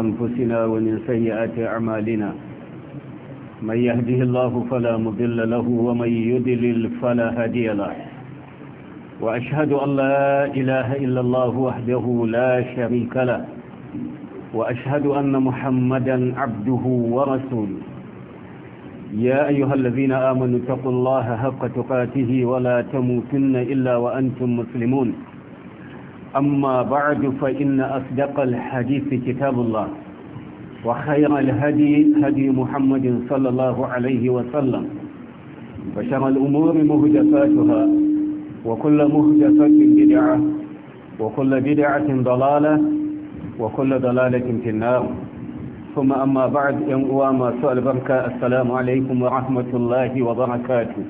أنفسنا ومن سيئات أعمالنا من يهده الله فلا مضل له ومن يدلل فلا هادي له وأشهد أن لا إله إلا الله وحده لا شريك له وأشهد أن محمدا عبده ورسوله يا أيها الذين آمنوا اتقوا الله حق تقاته ولا تموتن إلا وأنتم مسلمون أما بعد فإن أصدق الحديث كتاب الله وخير الهدي هدي محمد صلى الله عليه وسلم وشر الأمور مهدفاتها وكل مهدفة بدعة وكل بدعة ضلالة وكل ضلالة في النار ثم أما بعد ينقوى سؤال بركة السلام عليكم ورحمة الله وبركاته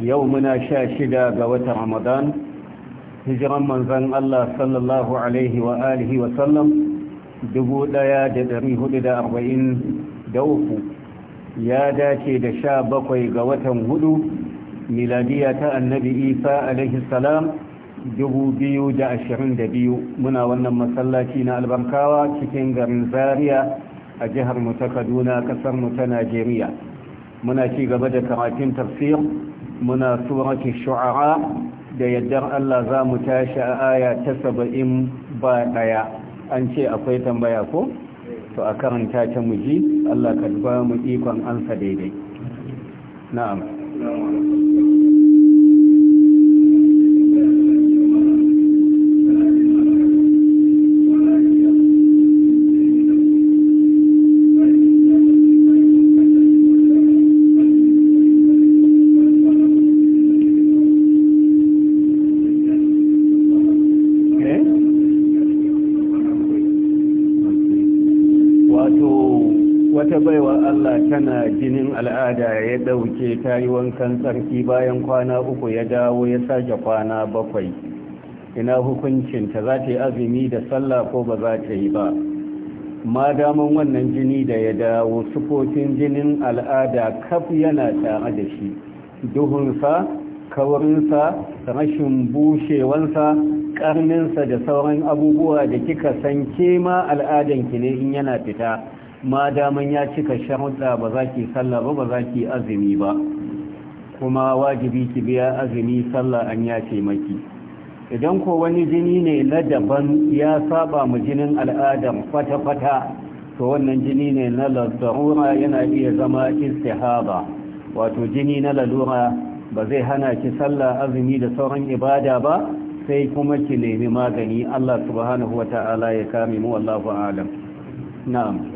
يومنا شاشدة بوت رمضان hijiran manzan Allah sallallahu alaihi wa alihi wa sallam 1443 ya dace da sha bakwai ga watan hudu miladiya ta annabi isa alaihi salam 2022 muna wannan masallaci na albarkawa cikin garin zaria a jihar mu ta kaduna kasar mu ta najeriya muna ci gaba da karatun tafsir muna surati shu'ara da yaddar Allah za mu tashi a aya ta saba'in ba ɗaya an ce akwai tambaya ko? to a karanta ta muji Allah ka ba mu ikon ansa daidai na'am al'ada ya ɗauke ta yi wankan tsarki bayan kwana uku ya dawo ya sake kwana bakwai ina hukuncinta za ta yi azumi da sallah ko ba za ta yi ba ma daman wannan jini da ya dawo sufofin jinin al'ada kaf yana tare da shi duhunsa kawarinsa rashin bushewansa ƙarninsa da sauran abubuwa da kika san kema al'adanki ne in yana fita ma daman ya cika sharuɗa ba za ki sallah ba ba za ki azumi ba kuma wajibi ki biya azumi sallah an ya ce maki idan ko wani jini ne na daban ya saba mu jinin al'adar kwata-kwata to wannan jini ne na lalura yana iya zama istihaba wato jini na lalura ba zai hana ki sallah azumi da sauran ibada ba sai kuma ki nemi magani Allah subhanahu ta'ala ya kame mu wallahu a'lam na'am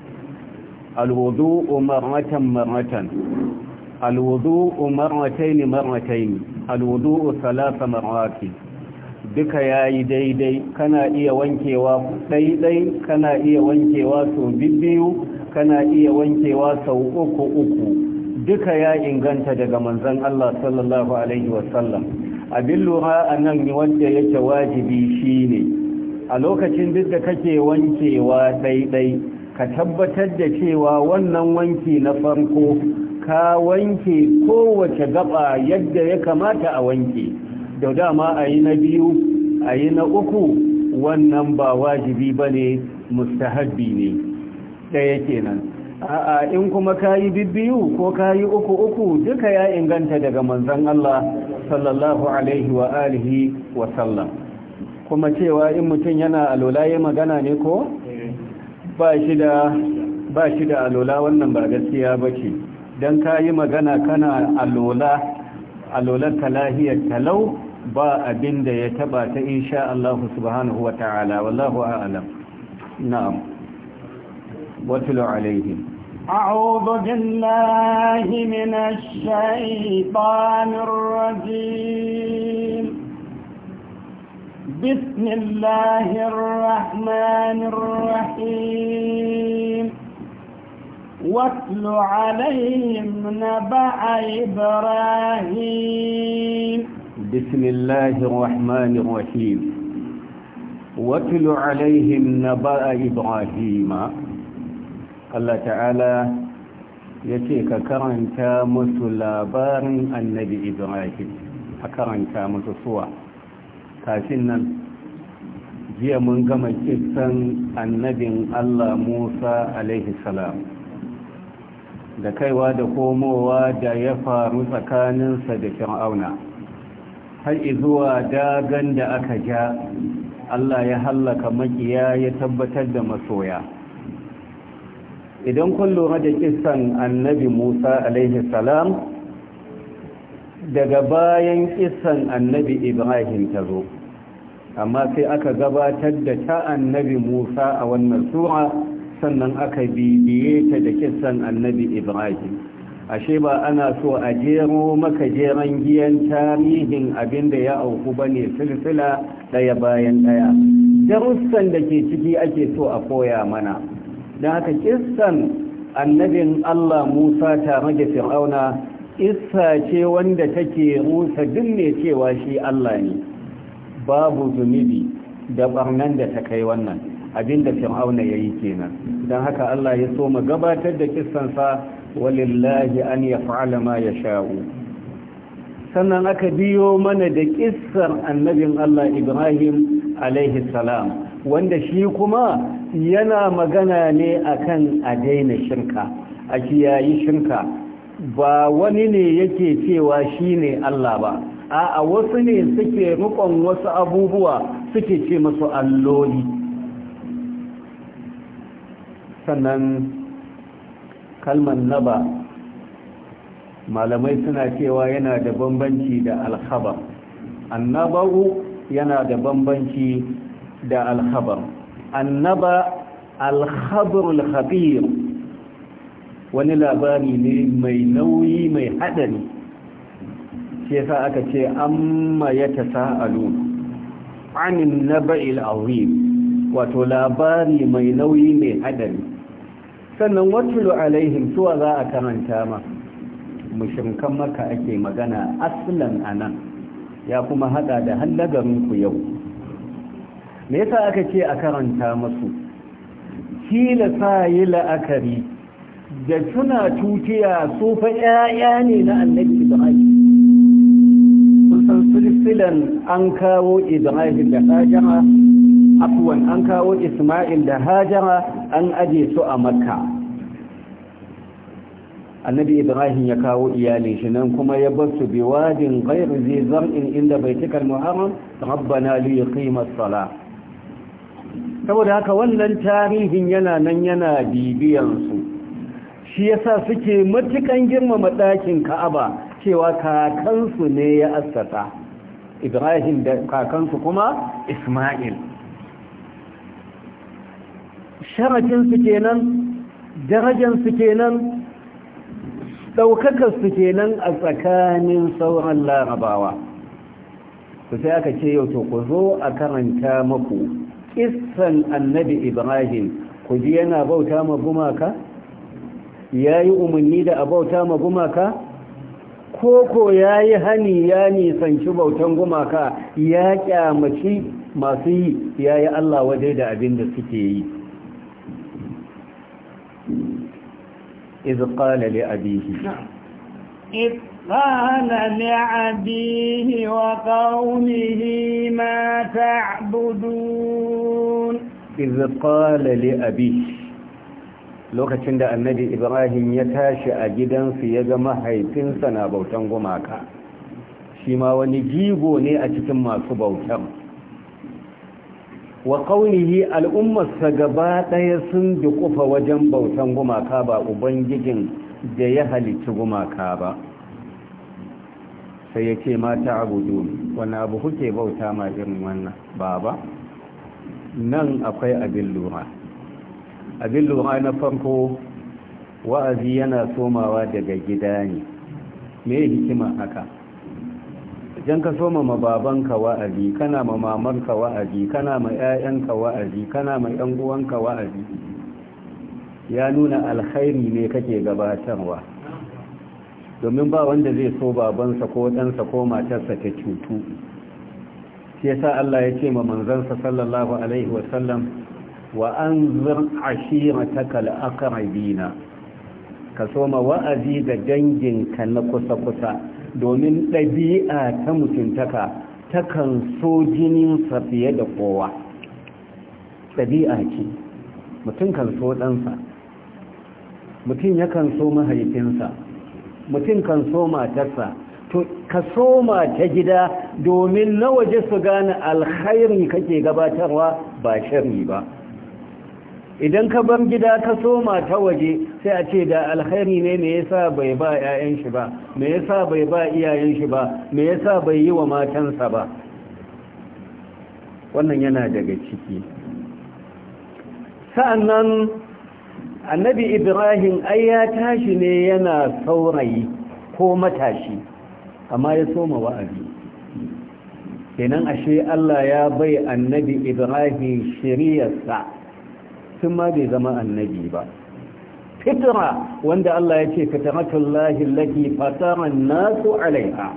الوضوء مرة مرة الوضوء مرتين مرتين الوضوء ثلاث مرات duka yayi daidai kana iya wankewa daidai kana iya wankewa sau biyu kana iya wankewa sau uku uku duka ya inganta daga manzon Allah sallallahu alaihi wasallam abin lura ne wanda yake wajibi shine a lokacin duk da kake wankewa daidai ka tabbatar da cewa wannan wanki na farko ka wanke kowace gaba yadda ya kamata a wanke da dama a yi na biyu a yi na uku wannan ba wajibi ba ne mustahabbi ne ɗaya kenan a'a in kuma ka kayi bibbiyu ko ka yi uku uku duka ya inganta daga manzan Allah sallallahu alaihi wa alihi wasallam kuma cewa in mutum yana ya magana ne ko ba shi da alola wannan ba gaskiya ba ce don ka yi magana kana alola alolar ta lahiyar talau ba abin da ya taba ta insha Allah subhanahu wa ta'ala wallahu a'lam na'am watlu alaihim أعوذ بالله من الشيطان الرجيم بسم الله الرحمن الرحيم واتل عليهم نبأ إبراهيم بسم الله الرحمن الرحيم واتل عليهم نبأ إبراهيم الله تعالى يتيك كرنت مثل بار النبي إبراهيم أكرنت مثل صور kafin nan jiya mun gama kisan annabin allah musa alaihi salam da kaiwa da komowa da ya faru tsakaninsa da fir'auna har izuwa dagan da aka ja allah ya hallaka makiya ya tabbatar da masoya idan kun lura da kisan annabi musa alaihi salam daga bayan kisan annabi ibrahim ta zo amma sai aka gabatar da ta annabi musa a wannan sura sannan aka bibiye ta da kisan annabi ibrahim ashe ba ana so a jero maka jeran giyan tarihin abinda ya auku ba ne silsila daya bayan daya darussan da ke ciki ake so a koya mana don haka kisan annabin allah musa tare da fir'auna isa ce wanda take rusa duk ne cewa shi Allah ne babu zunubi da barnan da ta kai wannan abinda fir'auna yayi kenan dan haka Allah ya so mu gabatar da kissan sa walillahi an yaf'ala ma yasha'u sannan aka biyo mana da kissar annabin Allah Ibrahim alaihi salam wanda shi kuma yana magana ne akan a daina shirka a kiyayi shirka ba wani ne yake cewa shi ne Allah ba a wasu ne suke rukon wasu abubuwa suke ce masu alloli sannan kalman naba malamai suna cewa yana da bambanci da alhabar annabau yana da bambanci da alhaba annaba alhabarul khabir wani labari ne mai nauyi mai hadari shi yasa aka ce amma ya sa'alu anin ba'il azim wato labari mai nauyi mai haɗari sannan watulu alaihim suwa za a karanta ma kan maka ake magana a nan. ya kuma hada da hannagarinku yau me yasa aka ce a karanta masu kila sa yi la'akari da suna tutiya su fa ƴaƴa ne na annabi ibrahim kusan silsilan an kawo ibrahim da hajara afwan an kawo isma'il da hajara an aje su a makka annabi ibrahim ya kawo iyalin shi nan kuma ya bar su biwadin ghairu zai zar'in inda baitikal muharram rabbana li yuqima as saboda haka wannan tarihin yana nan yana bibiyan su shi yasa suke matukan girmama ɗakin ka'aba cewa kakansu ne ya assata. ibrahim da kakansu kuma isma'il sharafinsu kenan darajansu kenan ɗaukakarsu kenan a tsakanin sauran larabawa ku sai aka ce yau to ku zo a karanta maku isan annabi ibrahim ku ji yana bauta ma gumaka? ya yi umarni da abauta ma gumaka koko ya yi hani ya nisanci bautan gumaka ya kyamaci masu yi ya yi Allah waje da abin da suke yi إذ قال لأبيه إذ قال لأبيه wa ما تعبدون إذ قال لأبيه lokacin da annabi ibrahim ya tashi a gidansu ya ga mahaifinsa na bautan gumaka shi ma wani jigo ne a cikin masu bautan wa kaunihi al'ummarsa gaba ɗaya sun dukufa wajen bautan gumaka ba ubangijin da ya halicci gumaka ba sai ya ce mata abu duni wani abu kuke bauta ma irin wannan ba ba nan akwai abin lura abin lura na farko wa'azi yana somawa daga gida ne me hikima haka idan ka soma ma babanka wa'azi kana ma mamanka wa'azi kana ma 'ya'yanka wa'azi kana ma 'yan uwanka wa'azi ya nuna alkhairi ne kake gabatarwa domin ba wanda zai so babansa ko ɗansa ko matarsa ta cutu shi yasa Allah ya ce ma manzansa sallallahu alaihi wasallam وأنظر عشيرتك الأقربين كسوما وأزيد جنجن كنقص قصا دومين لبيئة تمسنتك تكن سوجن صفية قوة ɗabi'a كي mutum kan so ɗansa mutum yakan so mahaifinsa mutum kan so matarsa to ta gida domin na waje su gane alkhairi kake gabatarwa ba shari ba idan ka bar gida ka soma ta waje sai a ce da alkhairi ne me yasa bai ba 'ya'yan shi ba me yasa bai ba iyayen shi ba me yasa bai yi wa matansa ba wannan yana daga ciki sa'annan annabi ibrahim ai ya tashi ne yana saurayi ko matashi amma ya soma wa'azi kenan ashe Allah ya bai annabi ibrahim shiriyarsa tun ma bai zama annabi ba fitra wanda Allah ya ce fitratullahi allati laki an-nasu alaiha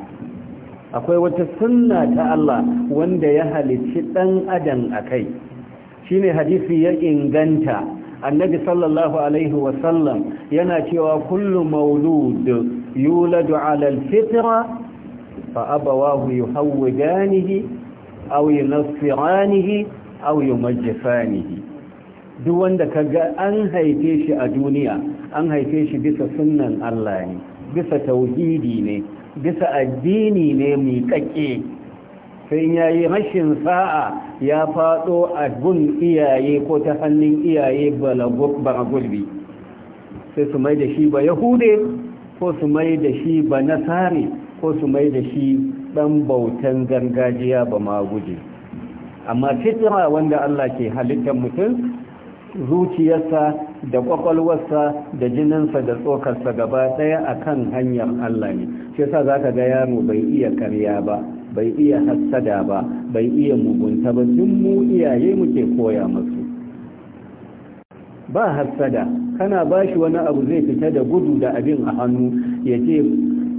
akwai wata sunna ta Allah wanda ya halicci dan adam a kai. shine hadisi ya inganta annabi sallallahu alaihi wa sallam yana cewa kullu maulud yuladu ala al-fitra fa abawahu yuhawidanihi aw yunassiranihi aw yumajjisanihi duk wanda ka ga an haife shi a duniya an haife shi bisa sunan Allah ne bisa tauhidi ne bisa addini ne kake sai ya yi rashin sa'a ya faɗo a gun iyaye ko ta hannun iyaye baragulbi sai su mai da shi ba yahude ko su mai da shi ba nasari ko su mai da shi ɗan bautan gargajiya ba maguje amma fitira wanda Allah ke halittar mutum zuciyarsa da kwakwalwarsa da jininsa da tsokarsa gaba daya kan hanyar Allah ne shi yasa ka ga yaro bai iya karya ba bai iya hassada ba bai iya mugunta ba duk mu iyaye muke koya musu ba hassada kana bashi wani abu zai fita da gudu da abin a hannu ya ce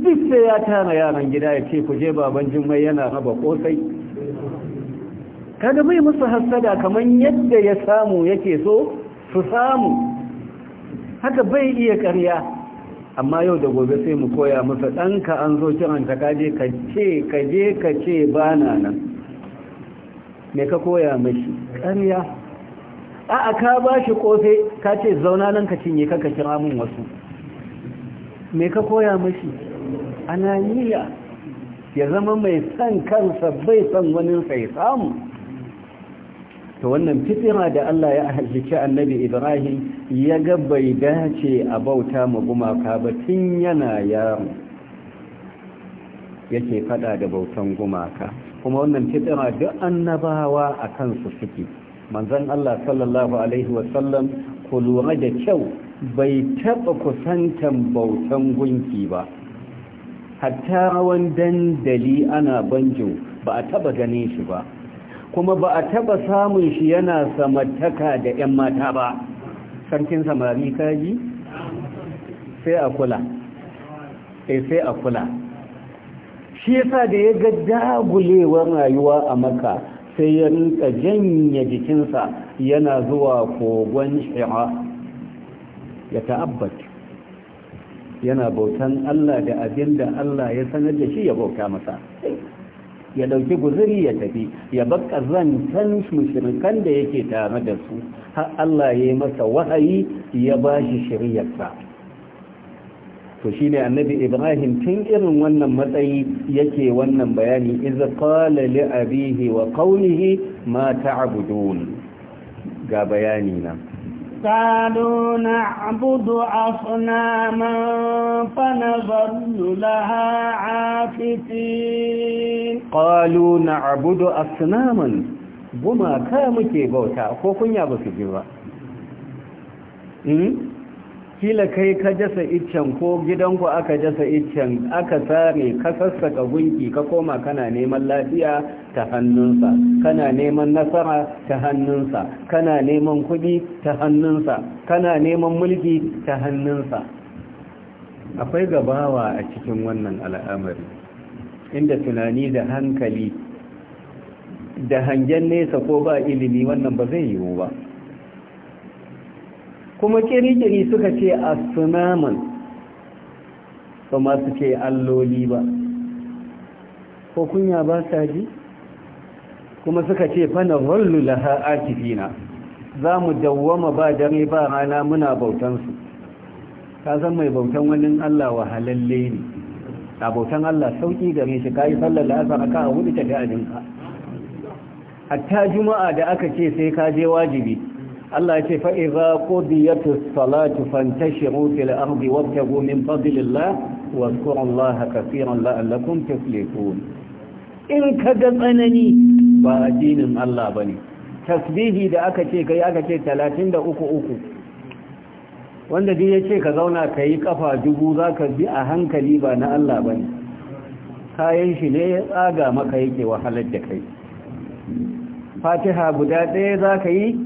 duk sai ya tara yaran gida ya ce ku je baban jummai yana raba kosai kada bai musu hasada kamar yadda ya samu yake so su samu haka bai iya ƙarya amma yau da gobe sai mu koya musu ɗanka an zo kiranta kaje ka ce kaje ka ce ba na nan me ka koya mashi ƙarya a ka ba shi ƙofe ka ce zauna nan ka cinye ka kira mun wasu me ka koya mashi ananiya ya zama mai san kansa bai san wani sai samu to wannan fitira da Allah ya halicci annabi Ibrahim ya ga bai dace a bauta ma gumaka ba tun yana yaro yake fada da bautan gumaka kuma wannan fitira duk annabawa a kansu suke manzon Allah sallallahu alaihi wasallam ku lura da kyau bai taɓa kusantan bautan gunki ba hatta rawan dandali ana banjo ba a taɓa ganin shi ba kuma ba a taba samun shi yana samartaka da 'yan mata ba sarkin samari kaji sai a kula sai eh, sai a kula shi yasa da ya ga dagulewar rayuwa a maka sai ya rinka janya jikinsa yana zuwa kogon shi'a ya ta'abbat yana bautan Allah da abin da Allah ya sanar da shi ya bauta masa ya dauki guzuri ya tafi ya bakka zan san mushrikan da yake tare da su har Allah ya yi masa wahayi ya ba shi shiriyarsa to shine annabi Ibrahim tun irin wannan matsayi yake wannan bayani iza qala li abihi wa qawlihi ma ta'budun ga bayani nan قالوا نعبد أصناما فنظل لها عاكتين قالوا نعبد أصناما بما كامك بوتا أخوكم يا بسجوة kila kai ka jasa iccen ko gidanku aka jasa iccen aka tsare, ka sassaka gunki ka koma kana neman lafiya ta hannunsa kana neman nasara ta hannunsa kana neman kudi ta hannunsa kana neman mulki ta hannunsa akwai gabawa a cikin wannan al'amari inda tunani da hankali da hangen nesa ko ba ilimi wannan ba zai yiwu ba kuma kirikiri suka ce sunaman ba masu ce alloli ba ko kunya ba sa ji kuma suka ce fana wallu laha akifina za mu dawwama ba dare ba rana muna bautansu ka san mai bautan wani Allah wa halalle ne a bautan Allah sauki gare shi ka yi sallar la'asar aka a wuce tafi ajinka ta juma'a da aka ce sai ka je wajibi Allah ce fa idza qudiyatis salatu fantashiru fil ardi wabtagu min fadlillah واذكروا الله كثيرا لعلكم تفلحون in kaga tsanani ba addinin Allah bane tasbihi da aka ce kai aka ce 33 uku wanda dai yace ka zauna kai kafa dubu zaka bi a hankali ba na Allah bane kayan shi ne ya tsaga maka yake wahalar da kai Fatiha guda ɗaya zaka yi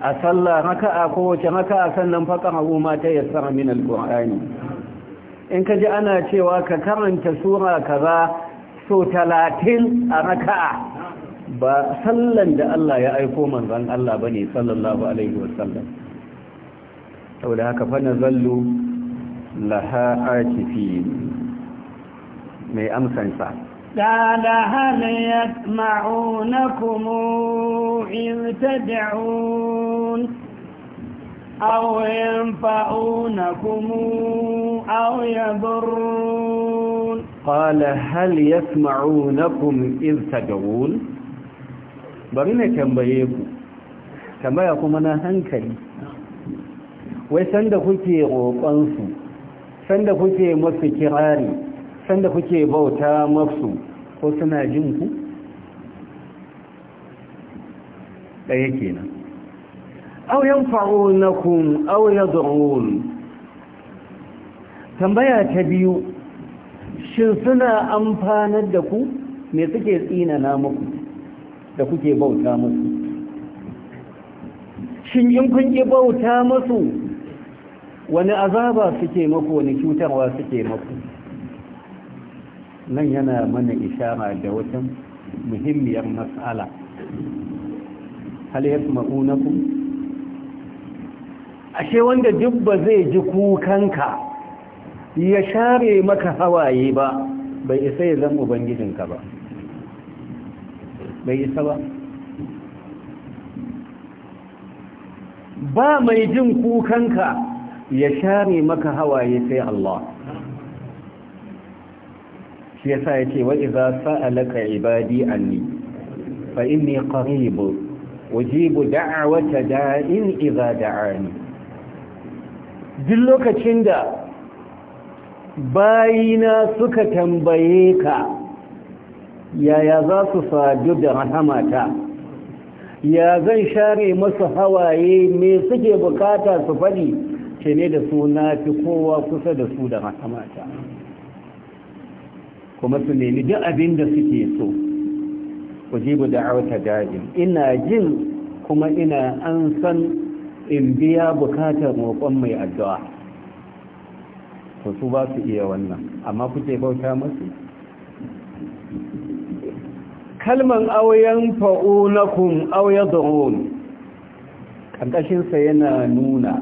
a sallah raka'a kowace raka'a sannan faqahu ma ta yassara min Alƙur'ani in ka ji ana cewa ka karanta sura kaza so talatin a raka'a ba sallan da Allah ya aiko manzon Allah bane sallallahu alaihi wasallam da haka fana zallu laha atifin mai amsansa قال هل يسمعونكم إذ تدعون أو ينفعونكم أو يضرون قال هل يسمعونكم إذ تدعون برنا كم كم تنبيكم أنا هنكلي ويسند كتي غوطانسو sanda kuke masu kirari sanda kuke bauta mafsu ko suna jin ku ɗaya kenan aw yanfa'unakum aw yad'un tambaya ta biyu shin suna amfanar da ku me suke tsinana muku da kuke bauta musu shin in kun yi bauta musu wani azaba suke muku wani cutarwa suke muku nan yana mana ishara da wata muhimmiyar matsala hal yasma'unakum ashe wanda dubba zai ji kukanka ya share maka hawaye ba bai isa ya zan ubangijinka ba bai isa ba ba mai jin kukanka ya share maka hawaye sai Allah shi yasa yace wa idza sa'alaka ibadi anni fa inni qareeb ujibu da'wata da'in idza da'ani duk lokacin da bayina suka tambaye ka yaya za su sadu da rahamata ya zan share masu hawaye me suke bukata su faɗi ce ne da su na fi kowa kusa da su da rahamata kuma su nemi duk abin da suke so da awata dajin ina jin kuma ina an san in biya bukatar roƙon mai addu'a to su ba su iya wannan amma kuke bauta musu kalman auyen fa'unakun auye zaron ƙanƙashinsa yana nuna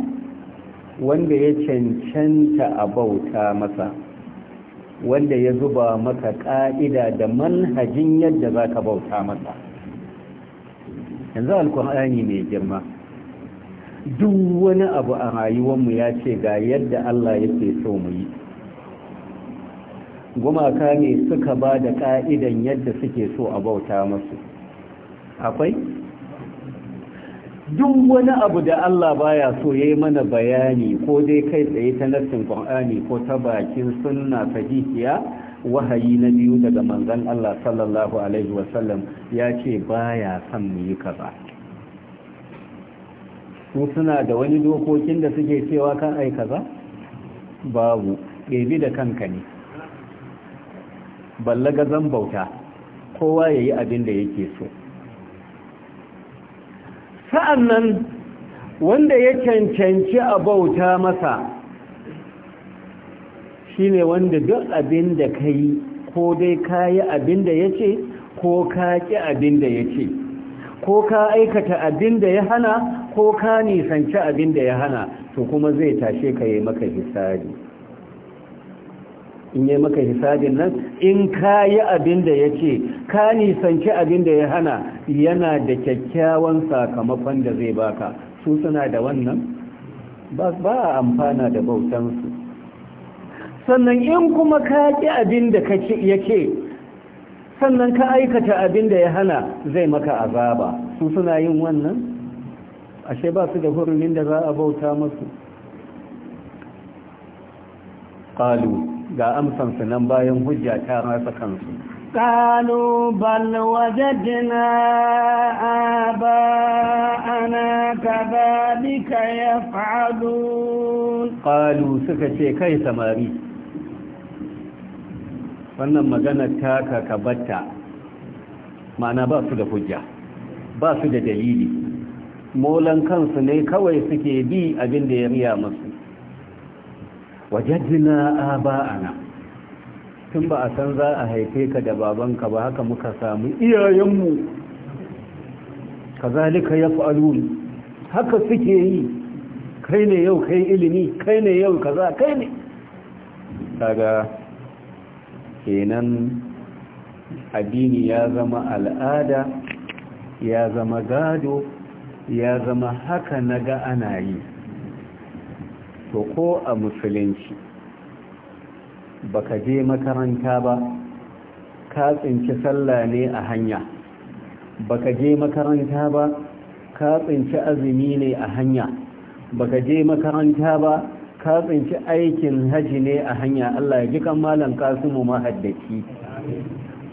wanda ya cancanta a bauta masa wanda ya zuba maka ƙa'ida da manhajin yadda za ka bauta masa yanzu alkur'ani mai girma duk wani abu a rayuwarmu ya ce ga yadda Allah yake so mu yi gumaka ne suka ba da ƙa'idan yadda suke so a bauta masu akwai duk wani abu da Allah baya so ya yi mana bayani ko dai kai tsaye ta nassin Qur'ani ko ta bakin sunna sahihiya wahayi na biyu daga manzon Allah sallallahu alaihi wasallam ya ce baya son mu yi kaza su suna da wani dokokin da suke cewa kan ai kaza babu ɗebi da kanka ne ballaga zan bauta kowa yayi abin da yake so sa'an nan wanda ya cancanci a bauta masa shi ne wanda duk abin da ka yi ko dai ka yi abin da ya ce ko ka ƙi abin da ya ce ko ka aikata abin da ya hana ko ka nisanci abin da ya hana to kuma zai tashe ka yi maka hisari. in yi maka hisabin nan in ka yi abin da ya ce ka nisanci abin da ya hana yana da kyakkyawan sakamakon da zai baka su suna da wannan ba a amfana da bautansu sannan in kuma ka ƙi abin da ya ce sannan ka aikata abin da ya hana zai maka azaba su suna yin wannan ashe ba su da hurumin da za a bauta masu ƙalu ga amsansu nan bayan hujja ta rasa kansu قالوا بل وجدنا آباءنا كذلك يفعلون suka ce kai samari. wannan magana taka kabatta ma'ana ba su da hujja ba su da dalili molan kansu ne kawai suke bi abin da ya riya musu a aba'ana tun ba a san za a haife ka da babanka ba haka muka samu iyayenmu kazalika yaf'alun haka suke yi kai ne yau kai ilimi kai ne yau kaza kai ne Daga kenan addini ya zama al'ada ya zama gado ya zama haka na ga ana yi to ko a musulunci baka je makaranta ba ka tsinci sallah ne a hanya baka je makaranta ba ka tsinci azumi ne a hanya baka je makaranta ba ka tsinci aikin haji ne a hanya Allah ya ji kan malam kasimu mahaddaci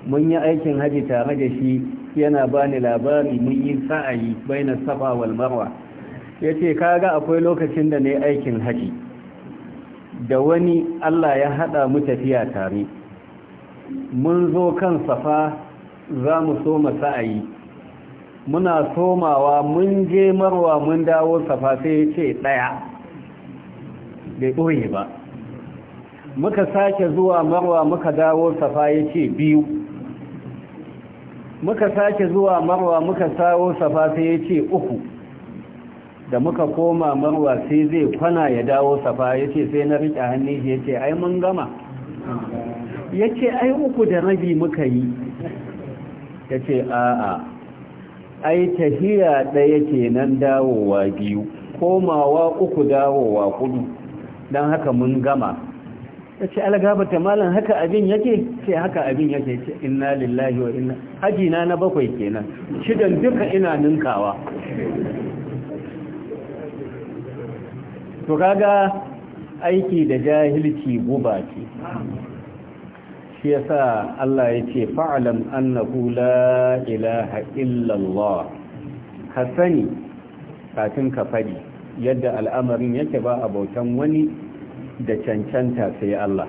mun yi aikin haji tare da shi yana bani labari mun yi sa'ayi bainas safa wal marwa ya ce kaga akwai lokacin da ne aikin haji da wani Allah ya haɗa mu tafiya tare mun zo kan safa za mu so sa'ayi muna somawa mun je marwa mun dawo safa sai ya ce ɗaya bai boye ba muka sake zuwa marwa muka dawo safa ya ce biyu muka sake zuwa marwa muka sawo safa sai ya ce uku da muka koma marwa sai zai kwana ya dawo safa ya ce sai na riƙe hannun shi ya ce ai mun gama ya ce ai uku da rabi muka yi ya ce a'a ai tahiya ɗaya nan dawowa biyu komawa uku dawowa kudu don haka mun gama ya ce algabata malam haka abin yake ce haka abin yake ce inna lillahi wa inna hajina na bakwai kenan shidan duka ina ninkawa to kaga aiki da jahilci guba ce shi yasa Allah ya ce annahu la ilaha illa Allah ka sani kafin ka fadi yadda al'amarin yake ba a wani da cancanta sai Allah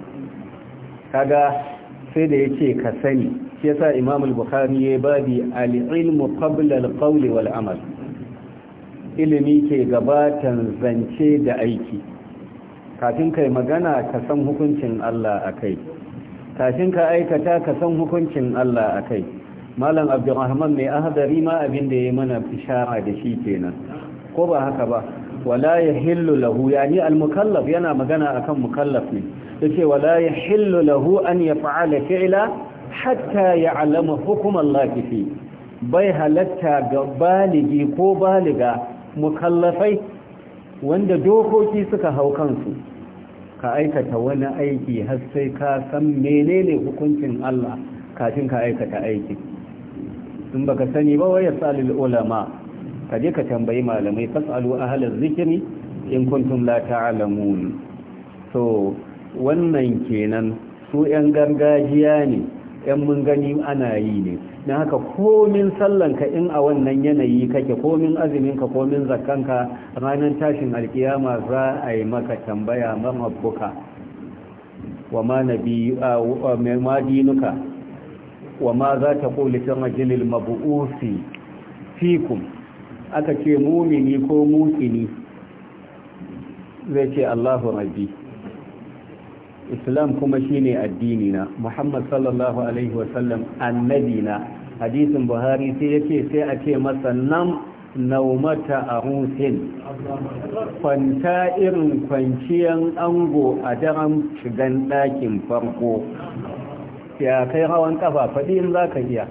kaga sai da yace ka sani shi yasa Imam al-Bukhari ya babi al-ilmu qabla al-qawli wal amal ilimi ke gabatan zance da aiki kafin kai magana ka san hukuncin Allah a kai kafin ka aikata ka san hukuncin Allah a kai malam abdurrahman mai ahadari ma abin da ya mana ishara da shi kenan ko ba haka ba wala yahillu lahu yani almukallaf yana magana akan mukallaf ne yace wala yahillu lahu an yaf'ala fi'la hatta ya'lama hukm Allah fi bai halatta ga baligi ko baliga mukallafai wanda dokoki suka hau kansu ka aikata wani aiki har sai ka san menene hukuncin Allah kafin ka aikata aiki in baka sani ba waya salil ulama ka je ka tambayi malamai fasalu ahlaz zikri in kuntum la ta'lamun so wannan kenan su 'yan gargajiya ne yan mun gani ana yi ne na haka komin sallanka in a wannan yanayi kake komin azuminka komin zakanka ranar tashin alkiyama za a yi maka tambaya mamabbuka wa ma nabi ma dinuka wa ma za ta kulitin majalil mabu'usi fikun aka ce mumini ko mukini zai ce Allahu rabbi islam kuma shine addini na muhammad sallallahu alaihi wasallam annabi na hadisin buhari sai yake sai a ce masa nan naumata a husin kwanta irin kwanciyan ango a daren shigan ɗakin farko ya kai hawan kafa faɗi in za ka iya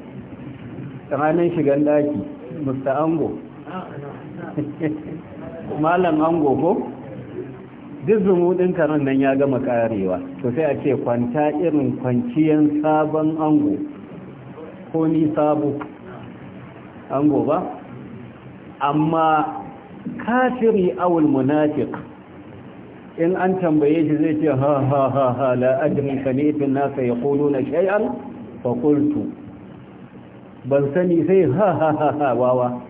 ranar shigan ɗaki mr ango malam ango ko duk zumuɗin karen nan ya gama karewa to sai a ce kwanta irin kwanciyan sabon ango ko ni sabo ango ba amma kafiri awul munafiq in an tambaye shi zai ce ha ha ha ha la ajrin sami'tun nasa yaquluna shay'an fa ban sani sai ha ha ha wawa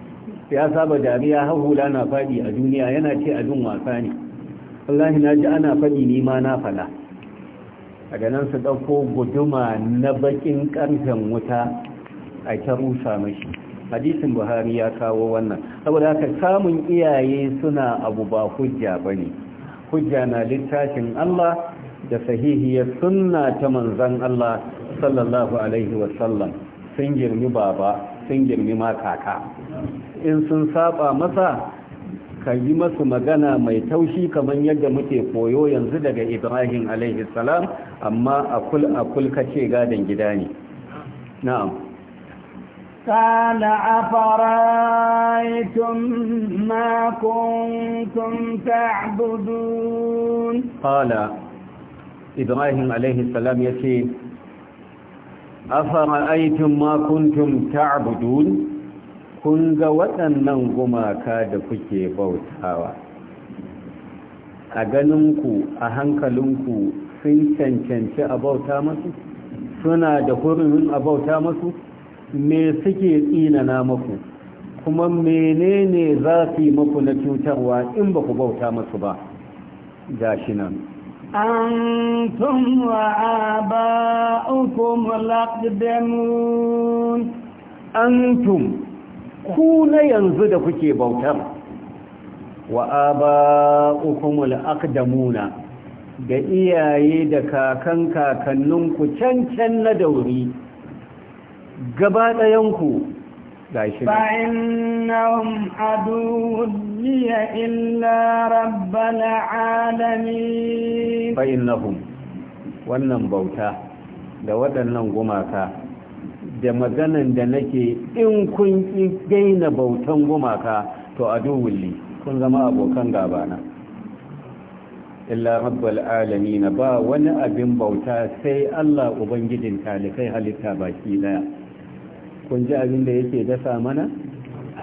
ya saba dariya har hula na fadi a duniya yana ce abin wasa ne wallahi na ji ana faɗi ni ma na faɗa daga nan su ɗauko guduma na baƙin ƙarfen wuta a ta rusa mashi hadisin buhari ya kawo wannan saboda haka samun iyaye suna abu ba hujja ba ne hujja na littafin allah da sahihiyar sunna ta manzan allah sallallahu alaihi wasallam sun girmi baba sun girmi ma kaka in sun saba masa ka yi masu magana mai taushi kamar yadda muke koyo yanzu daga ibrahim alaihi salam amma akul akul kace gadon gida ne na'am قال أفرأيتم ما كنتم تعبدون قال إبراهيم عليه السلام يسير أفرأيتم ما كنتم تعبدون kun ga waɗannan gumaka da kuke bautawa a ganinku a hankalinku sun cancanci a bauta masu suna da hurumin a bauta masu me suke tsina na maku kuma menene za su yi maku na cutarwa in ba ku bauta masu ba ga shi nan أنتم وآباؤكم الأقدمون أنتم ku na yanzu da kuke bautar wa aba'ukumul aqdamuna da iyaye da kakan kakannin ku cancan na dauri gaba ɗayanku gashi fa'innahum aduwwun liya illa rabbal alamin innahum wannan bauta da waɗannan gumaka da maganan da nake in kun ki gaina bautan gumaka to a aduwulli kun zama abokan gabana illa rabbal alamin ba wani abin bauta sai Allah ubangijin talikai halitta baki daya kun ji abin da yake dasa mana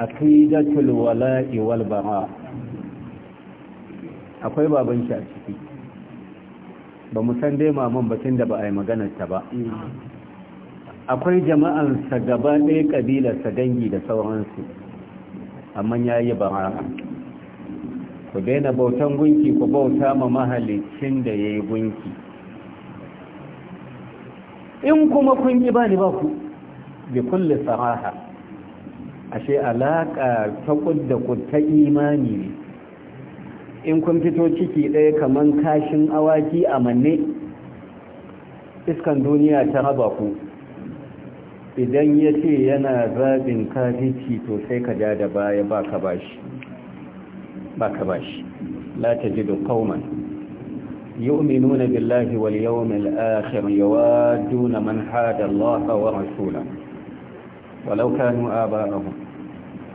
aqidatul wala'i wal bara akwai baban shi a ciki ba mu san dai maman batun da ba a yi maganar ta ba akwai sa gaba ɗaya ƙabilarsa dangi da sauransu amma ya yi bara ku daina bautan gunki ku bauta ma mahalicin da ya yi gunki in kuma kun yi ba ni ba ku bi kulle saraha ashe alaƙa ta kudda ta imani ne in kun fito ciki ɗaya kamar kashin awaki a manne iskan duniya ta raba ku idan ya ce yana zaɓin kafici to sai ka ja da baya ba ka bashi ba ka bashi la ta ji da kauman yu'minuna billahi wal yawmil akhir yawaduna man hada Allah wa rasulahu walau kanu aba'ahum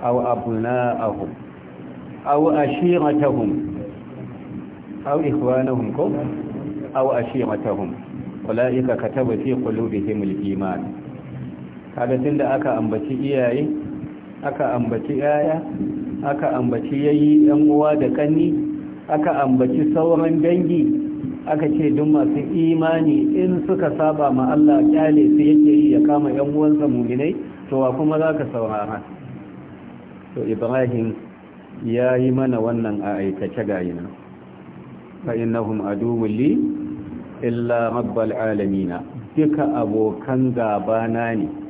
aw abna'ahum aw ashiratahum aw ikhwanahum kum aw ashiratahum ulaika kataba fi qulubihim al-iman kaga da aka ambaci iyaye aka ambaci yaya aka ambaci yayi yan uwa da kanni aka ambaci sauran dangi aka ce duk masu imani in suka saba ma Allah kyale su yake yi ya kama yan uwansa muminai to wa kuma zaka saurara to Ibrahim ya yi mana wannan a aikace gayina fa innahum aduwwun li illa rabbal alamin duka abokan gabana ne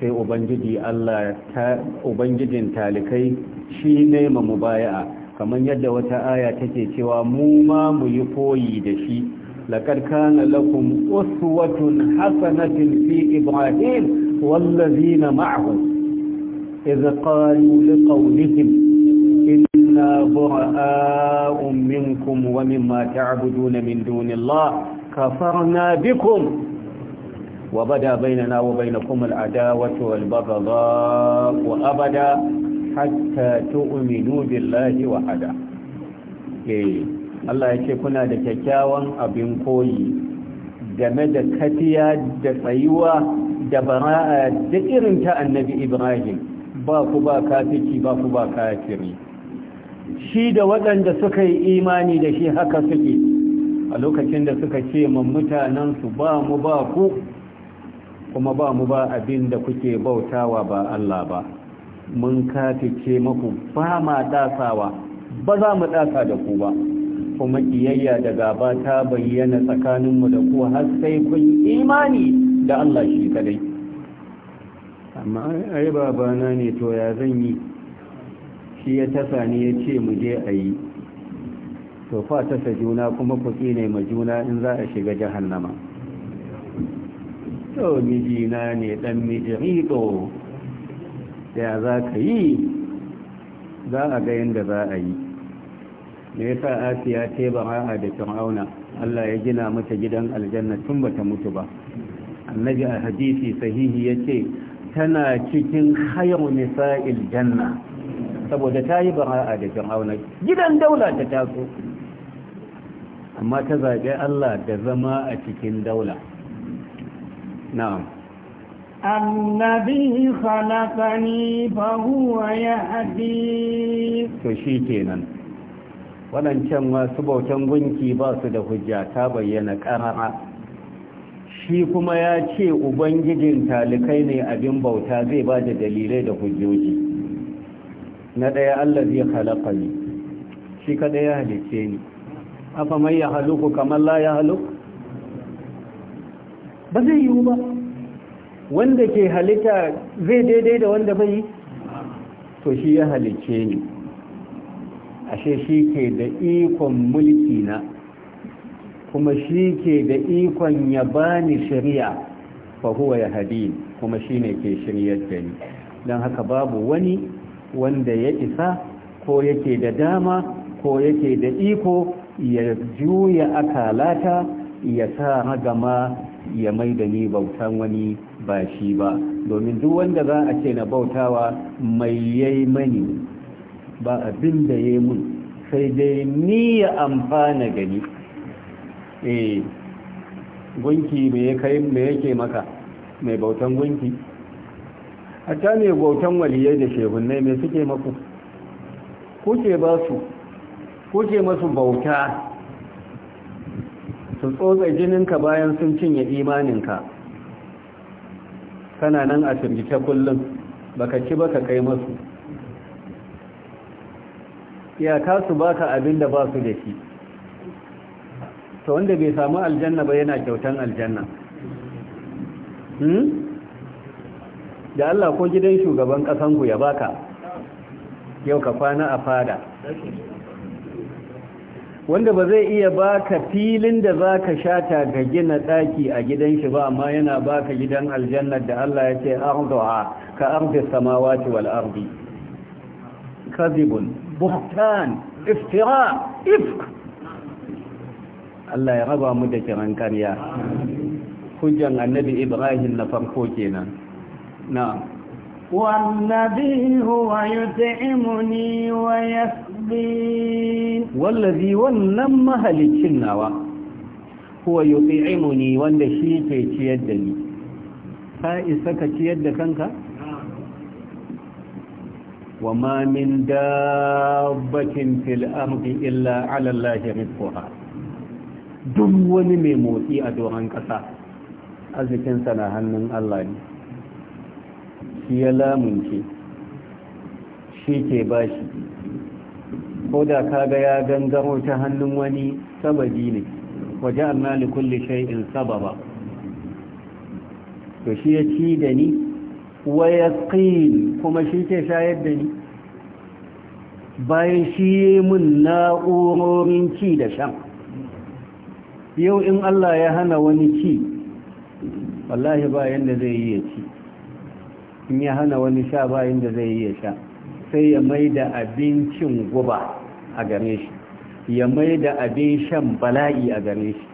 sai ubangiji Allah ta ubangijin talikai shi ne ma mubaya'a kamar yadda wata aya take cewa mu ma mu yi koyi da shi laqad kana lakum uswatun hasanatin fi ibrahim wallazina ma'ahu إذ قالوا لقولهم إنا براء منكم ومما تعبدون na دون الله كفرنا بكم وبدا بيننا وبينكم العداوة والبغضاء وأبدا حتى تؤمنوا بالله وحدا Allah ya ce kuna da kyakkyawan abin koyi game da katiya da tsayuwa da bara'a da irin ta annabi Ibrahim ba ku ba kafici ba ku ba kafiri shi da waɗanda suka yi imani da shi haka suke a lokacin da suka ce ma mutanensu ba mu ba ku kuma ba mu ba abin da kuke bautawa ba Allah ba mun katice maku ba ma dasawa ba za mu dasa da ku ba kuma iyayya da gaba ta bayyana tsakaninmu da ku har sai kun imani da Allah shi kadai amma ai babana ne to ya zan yi shi ya tasa ne ya ce mu je a yi to fa tasa juna kuma ku tsine ma juna in za a shiga jahannama to mijina ne dan mijirito ya za ka yi za a ga yadda za a yi me yasa asiya ce bara'a da fir'auna Allah ya gina mata gidan aljanna tun bata mutu ba annabi a hadisi sahihi ce tana cikin hayan nisa'il janna saboda ta yi bara'a da fir'auna gidan daula ta taso amma ta zaɓi Allah da zama a cikin daula نعم الذي خلقني فهو يهدي فشيكينا waɗancan masu bautan gunki ba su da hujja ta bayyana ƙarara shi kuma ya ce ubangijin talikai ne abin bauta zai ba da dalilai da hujjoji na ɗaya allah zai halaka ne shi kaɗai ya halice ni afa mai ya haluku kamar la ya haluku ba zai yiwu ba wanda ke halitta zai daidai da wanda bai to shi ya halicce ni ashe shi ke da ikon mulki na kuma shi ke da ikon ya bani shari'a fa huwa ya hadi kuma shi ne ke shiryar da ni don haka babu wani wanda ya isa ko yake da dama ko yake da iko ya juya akalata ya sa magama ya mai da ni bautan wani ba shi ba domin duk wanda za a ce na bautawa mai yayi mani ba abin da ya yi mun sai dai ni ya amfana gani eh gunki me ya kai me yake maka mai bautan gunki hatta ne bautan waliyai da shehunai me suke maku kuke ba su kuke masu bauta su tsotsa jininka bayan sun cinye imaninka kana nan a firgice kullum baka ci baka kai masu iyaka su baka abinda da ba su da shi to wanda bai samu aljanna ba yana kyautan aljanna hmm? da Allah ko gidan shugaban ƙasanku ya baka yau ka kwana a fada wanda ba zai iya baka filin da zaka shata ga gina daki a gidan shi ba amma yana baka gidan aljannar da Allah ya ce arduha ka ardi samawati wal ardi Kazibun. buhtan iftira ifk Allah ya raba mu da kiran ƙarya hujjan annabi Ibrahim na farko kenan na'am huwa هو wa ويسقى الضالين والذي ونمها للشنوى هو يطعمني wanda shi ke ciyar da ni ka isa ka ciyar da kanka wama min dabbatin fil ardi illa ala allahi rizquha duk wani mai motsi a doron ƙasa. arzikin na hannun Allah ne shi ya lamunce shi ke bashi ko da kaga ya gangaro ta hannun wani sababi ne waje amma likulli shay'in sababa to shi ya ci da ni wa yaqin kuma shi ke shayar da ni bayan shi mun na'urorin ci da shan yau in Allah ya hana wani ci wallahi ba yanda zai yi ya ci in ya hana wani sha ba yanda zai yi ya sha sai ya mai da abincin guba a gare shi ya mai da abin shan bala'i a gare shi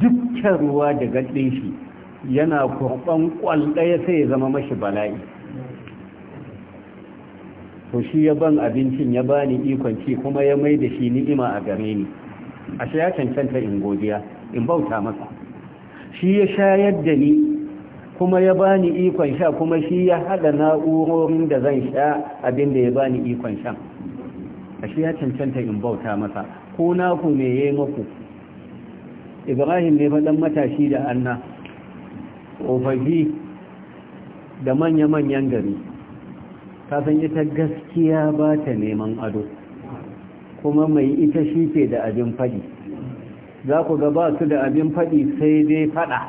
dukkan ruwa da gaɗin shi yana kurban ƙwalɗaya sai ya zama mashi bala'i to shi ya ban abincin ya bani ikon ci kuma ya mai da shi ni'ima a gare ni A shi ya cancanta in godiya in bauta masa shi ya shayar da ni kuma ya bani ikon sha kuma shi ya haɗa na'urorin da zan sha abin da ya bani ikon shan Ashi ya cancanta in bauta masa ko naku me yayi maku ibrahim ne fa dan matashi da anna ofaji da manya-manyan gari ta san ita gaskiya ba ta neman ado kuma mai ita shi ke da abin faɗi za ku ga ba su da abin faɗi sai dai faɗa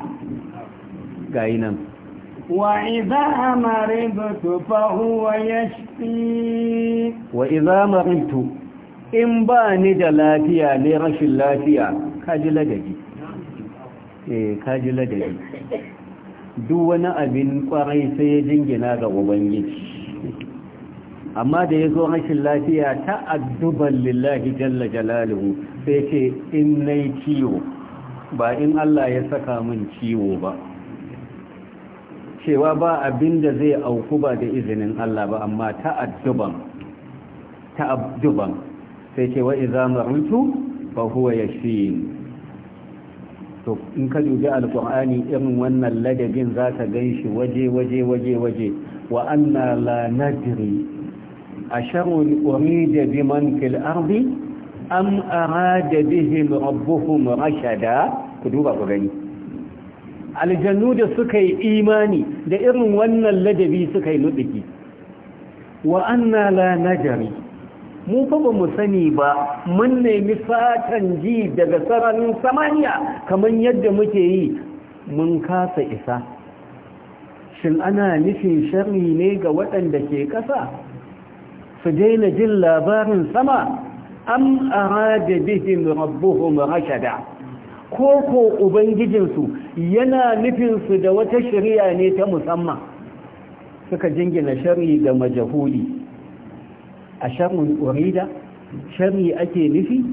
gayi nan وإذا مرضت فهو يشفي وإذا مرضت إن باني دلافيا لرش kaji ladabi duk wani abin kwarai sai ya jingina ga ubangiji amma da ya zo rashin lafiya ta adduban lillahi jalla jalaluhu sai ce in nayi ciwo ba in Allah ya saka min ciwo ba cewa ba abin da zai auku ba da izinin Allah ba amma ta'adduban ta'adduban sai ce wa idza marutu fa huwa yashin to in ka dubi alqur'ani irin wannan ladabin zaka ganshi waje waje waje waje wa anna la nadri asharun urida biman fil ardi am arada bihim rabbuhum rashada ku duba ku gani aljannu da suka yi imani da irin wannan ladabi suka yi nuɗiki wa anna la najari mu fa ba mu sani ba mun nemi fatan ji daga sararin samaniya kamar yadda muke yi mun kasa isa shin ana nufin sharri ne ga waɗanda ke ƙasa su daina jin labarin sama am arada bihim rabbuhum rashada ko ko ubangijinsu yana nufinsu da wata shari'a ne ta musamman suka jingina shari'i da majahuli a shari'in orida shari'i ake nufi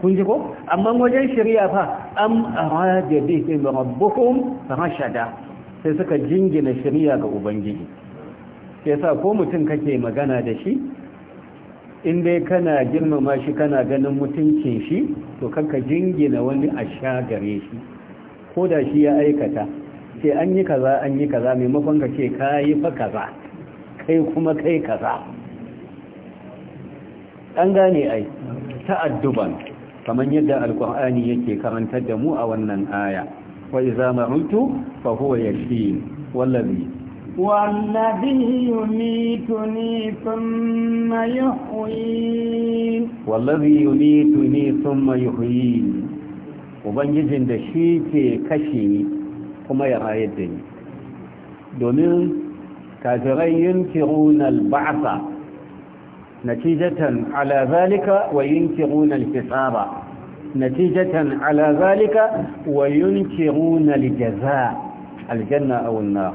kun ji ko amma wajen shari'a fa an arada bihim rabbukum rashada sai suka jingina shari'a ga ubangiji sai sa ko mutum kake magana da shi in dai kana girmama shi kana ganin mutuncin shi to kanka jingina wani a sha gare shi ko da shi ya aikata sai an yi kaza an yi kaza maimakon ka ce ka yi fa kaza kai kuma kai kaza an gane ai ta'adduban kamar yadda alkur'ani yake karantar da mu a wannan aya wa iza ma'utu fa huwa yashin wallazi والذي يميتني ثم يحيين والذي يميتني ثم يحيين ubangijin da shi ke kashe kuma ya rayar da domin kafirai yunkiruna al-ba'sa natijatan ala wa yunkiruna al-hisaba natijatan ala wa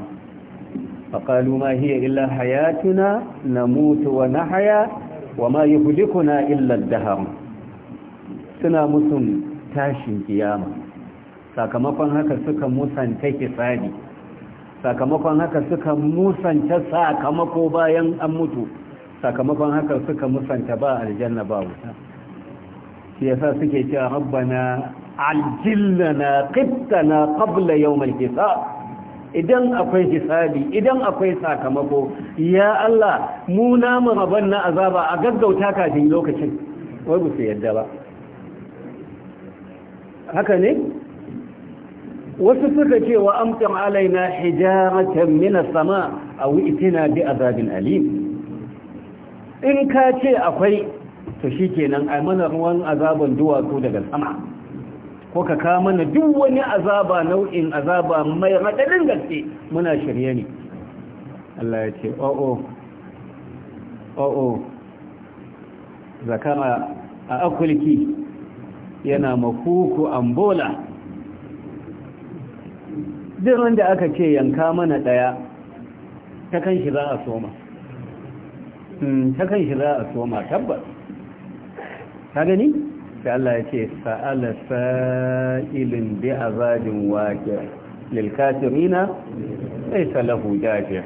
فقالوا ما هي إلا حياتنا نموت ونحيا وما يهلكنا إلا الدهر suna musun tashin kiyama sakamakon haka suka musanta kisadi sakamakon haka suka musanta sakamako bayan an mutu sakamakon haka suka musanta ba aljanna ba wuta shi yasa suke cewa rabbana ajilna qibtana qabla yawm al idan akwai hisabi idan akwai sakamako ya Allah mu namu rabon na azaba a gaggauta kafin lokacin wai ba su yadda ba haka ne wasu suka ce wa amtar alaina hijaratan mina sama a itina bi azabin alim in ka ce akwai to shikenan ai mana ruwan duwa duwatsu daga sama ko ka ka mana duk wani azaba nau'in azaba mai raɗaɗin gaske muna shirye ne Allah ya ce o'o oh, o'o oh, oh, zakara a akulki yana makuku ambola duk wanda aka ce yanka mana ɗaya ta kan shi za a soma hmm, ta kan shi za a soma tabbas ta gani? sai Allah ya ce sa'ala sa'ilin bi azabin waqi' lil kafirina laysa salahu dafi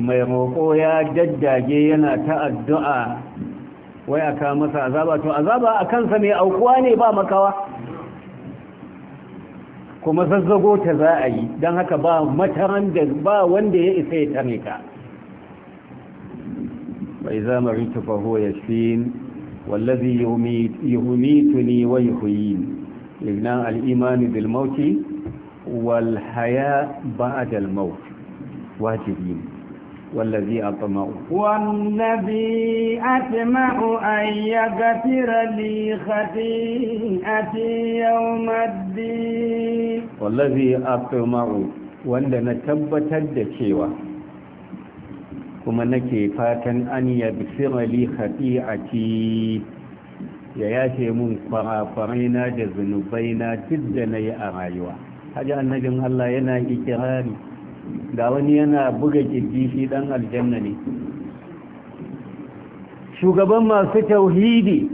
mai roƙo ya daddage yana ta addu'a wai ka masa azaba to azaba a kansa mai aukuwa ne ba makawa kuma zazzago ta za a yi don haka ba mataran da ba wanda ya isa ya tare bai zama ritufa ho wallazi yumituni wa yuhyin ibnan al-iman bil maut wal haya ba'da al maut wajibin wallazi atma'u wallazi atma'u an yaghfira li khati'ati yawm ad-din wallazi atma'u wanda na tabbatar da cewa kuma nake fatan an bisira li khati'ati ya yafe mun farafaraina da zunubaina duk da na yi a rayuwa haji annabin Allah yana ikirari da wani yana buga kirji shi dan aljanna ne shugaban masu tauhidi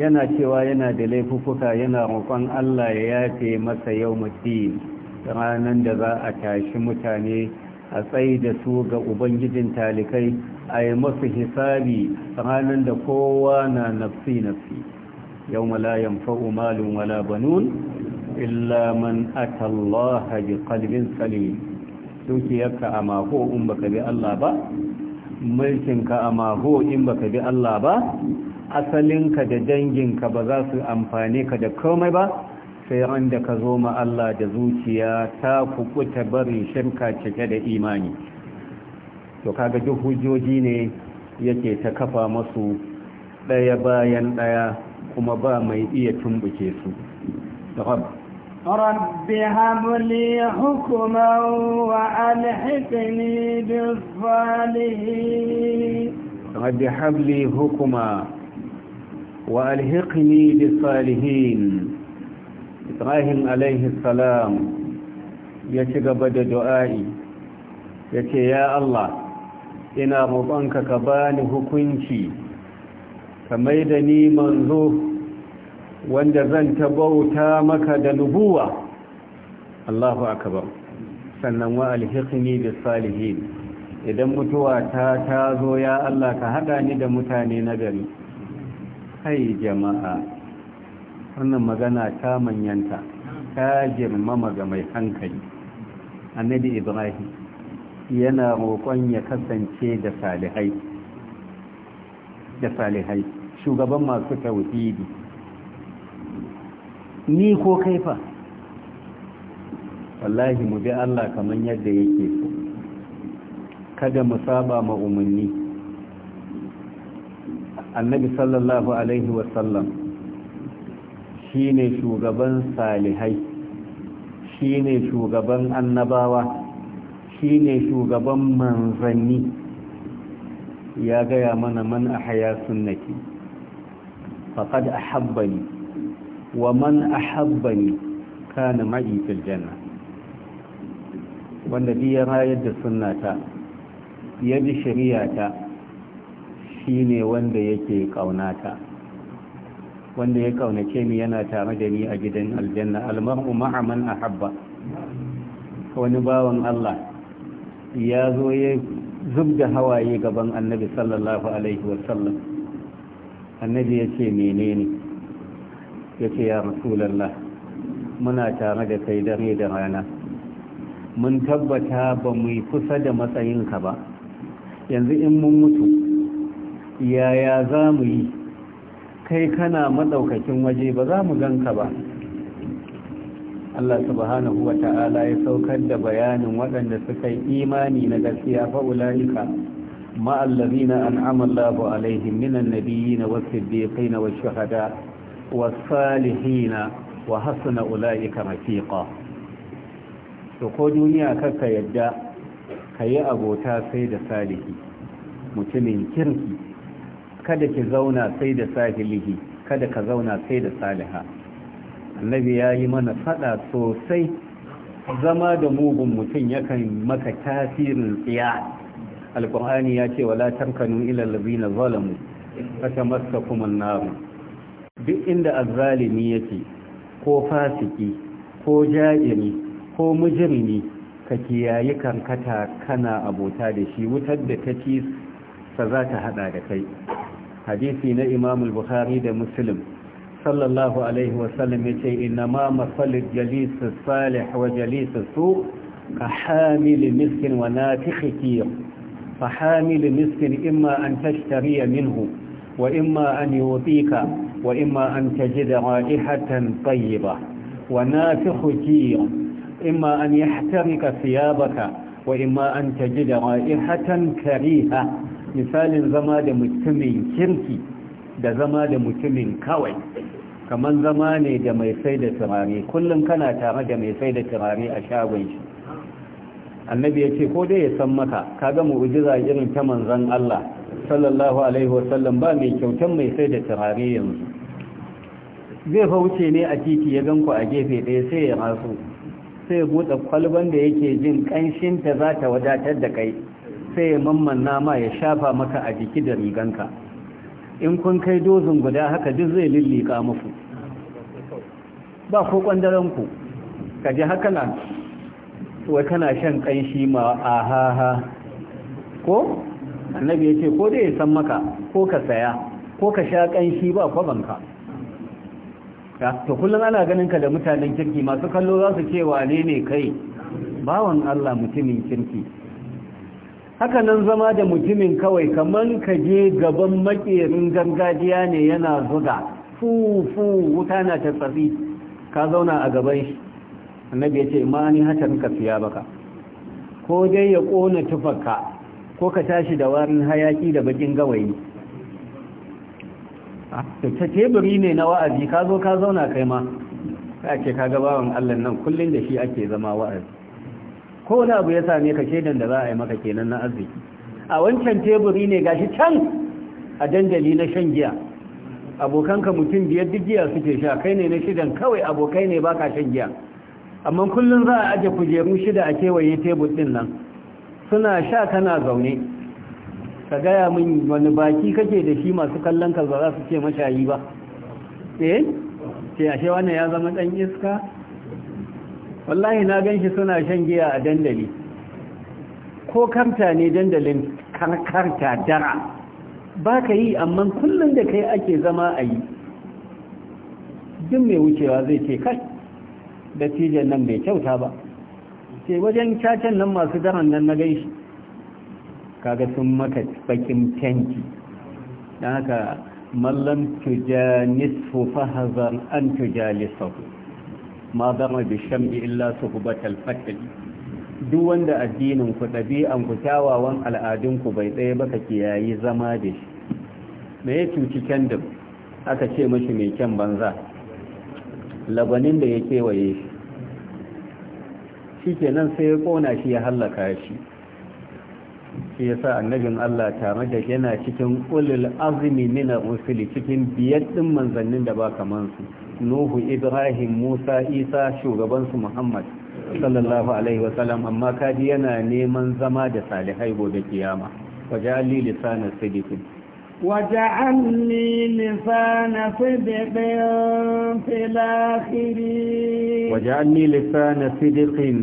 yana cewa yana da laifuka yana roƙon Allah ya yafe masa yau mutum ranar da za a tashi mutane a tsaye da su ga ubangijin talikai a yi masu hisabi ranar da kowa na nafsi-nafsi yau malayan fa'umalin wala banun illa man atallaha bi tsali salim dukiyarka a mako in baka bi Allah ba mulkinka a mako in baka bi Allah ba asalinka da danginka ba za su amfane ka da komai ba sai ran da ka zo ma Allah da zuciya ta kukuta barin shirka cike da imani to kaga duk hujjoji ne yake ta kafa masu ɗaya bayan ɗaya kuma ba mai iya tumbuke su رب هب لي حكما وألحقني بالصالحين رب هب لي حكما وألحقني بالصالحين ibrahim alaihi salam ya ci gaba da du'a'i ya ce ya Allah ina roƙonka ka bani hukunci ka mai da ni manzo wanda zan ta bauta maka da nubuwa Allahu akabar sannan wa alhikini da salihin idan mutuwa ta ta zo ya Allah ka haɗa ni da mutane nagari hai jama'a wannan magana ta manyanta ta girmama ga mai hankali annabi ibrahim yana roƙon ya kasance da salihai da salihai shugaban masu tauhidi ni ko kaifa wallahi mu bi Allah kaman yadda yake so kada mu saba ma umarni annabi sallallahu alaihi wa sallam. shine shugaban salihai shine shugaban annabawa shine shugaban manzanni ya gaya mana man ahya sunnati faqad ahabbani wa man ahabbani kana ma'i fil janna wanda bi ya rayar da sunnata ya bi shari'ata shine wanda yake kaunata wanda ya kaunace ni yana tare da ni a gidan aljanna almar'u ma'a man ahabba wani bawan Allah ya zo ya zub hawaye gaban annabi sallallahu alaihi wasallam annabi ya ce menene ya ce ya rasulallah muna tare da kai dare da rana mun tabbata ba mu kusa da matsayinka ba yanzu in mun mutu yaya za mu yi kai kana madaukakin waje ba za mu ganka ba Allah subhanahu wa ta'ala ya saukar da bayanin waɗanda suka yi imani na gaskiya fa'ula'ika ma'allazina an'ama Allahu alaihim minan nabiyyin was-siddiqin wash-shuhada was-salihin wa hasuna ula'ika rafiqa to ko duniya kaka yadda kayi abota sai da salihi mutumin kirki kada ki zauna sai da sahilihi kada ka zauna sai da saliha annabi ya yi mana fada sosai zama da mugun mutum yakan maka tasirin tsiya alkur'ani ya ce wala tankanu ila allazina zalamu fatamassakum kuma nar duk inda azzalimi yake ko fasiki ko jajiri ko mujrimi ka kiyaye kankata kana abota da shi wutar da ta sa za ta hada da kai hadisi na imam al-bukhari da muslim sallallahu alaihi wasallam ya ce ina ma mafalin jalisun salih wa jalisun su ka hamili miskin wa na tikikiyar fa hamili miskin imma an tashtariya minhu wa imma an yotika wa imma an tajida ra'ihatan tayyiba wa na tikikiyar imma an yahtarika siyabaka wa imma an tajida ra'ihatan kariha misalin zama da mutumin kirki da zama da mutumin kawai kamar zama ne da mai sai da turare kullum kana tare da mai sai da turare a shagon shi annabi ya ce ko dai ya san maka ka ga mu'ujiza irin ta manzon Allah sallallahu alaihi wasallam ba mai kyautan mai sai da turare yanzu zai fauce ne a titi ya ganku a gefe ɗaya sai ya rasu sai ya buɗe kwalban da yake jin ƙanshin ta za ta wadatar da kai sai ya mammanna ma ya shafa maka a jiki da riganka in kun kai dozin guda haka duk zai lillika muku ba ko ku ka ji haka na wai kana shan kanshi ma ha ko annabi ya ce ko dai ya san maka ko ka saya ko ka sha kanshi ba kwabanka to kullum ana ganin ka da mutanen kirki masu kallo za su ce wane ne kai bawan Allah mutumin kirki haka nan zama da mutumin kawai kaman ka je gaban makerin gargajiya ne yana zuga fu-fu wuta na ta ka zauna a gaban shi annabi ya ce ma ni hatar ka siya baka ko dai ya kona tufarka ko ka tashi da warin hayaki da bakin gawayi ah, ta teburi ne na wa'azi ka zo ka zauna kai ma ka ce ka gabawan allah nan kullum da shi ake zama wa'azi ko wani abu ya same ka shaidan da za a yi maka kenan na arziki a wancan teburi ne gashi can a dandali na shan giya abokanka mutum biyar duk giya suke sha kai ne na shidan kawai abokai ne baka shan giya amma kullum za a aje kujerun shida a kewaye tebur din nan suna sha kana zaune ka gaya min wani baki kake da shi masu kallon ka za su ce mashayi ba eh ce ashe wannan ya zama dan iska wallahi na ganshi suna shan giya a dandali ko karta ne dandalin karkarta dara ba ka yi amma kullum da kai ake zama a yi duk mai wucewa zai ce kai da nan bai kyauta ba ce wajen cacen nan masu daren nan na gaishi kaga sun maka bakin tanki don haka mallam tujanis fufahazar an tujalisahu ma zama shan bi illa su hubatal duk wanda addinin ku ɗabi'an ku kyawawan al'adun ku bai ɗaya baka yayi zama da shi me ya cuci kyandim aka ce mashi mai kyan banza labanin da ya kewaye shi shi kenan sai ya ƙona shi ya hallaka shi shi ya sa annabin Allah tare da yana cikin ƙulil azumi mina rusuli cikin biyar ɗin manzannin da ba kamansu nuhu ibrahim musa isa shugabansu muhammad sallallahu alaihi wasallam amma kaji yana neman zama da salihai gobe kiyama waja'alni lisana sidiqin waja'alni lisana sidiqin fil akhirin waja'alni lisana sidiqin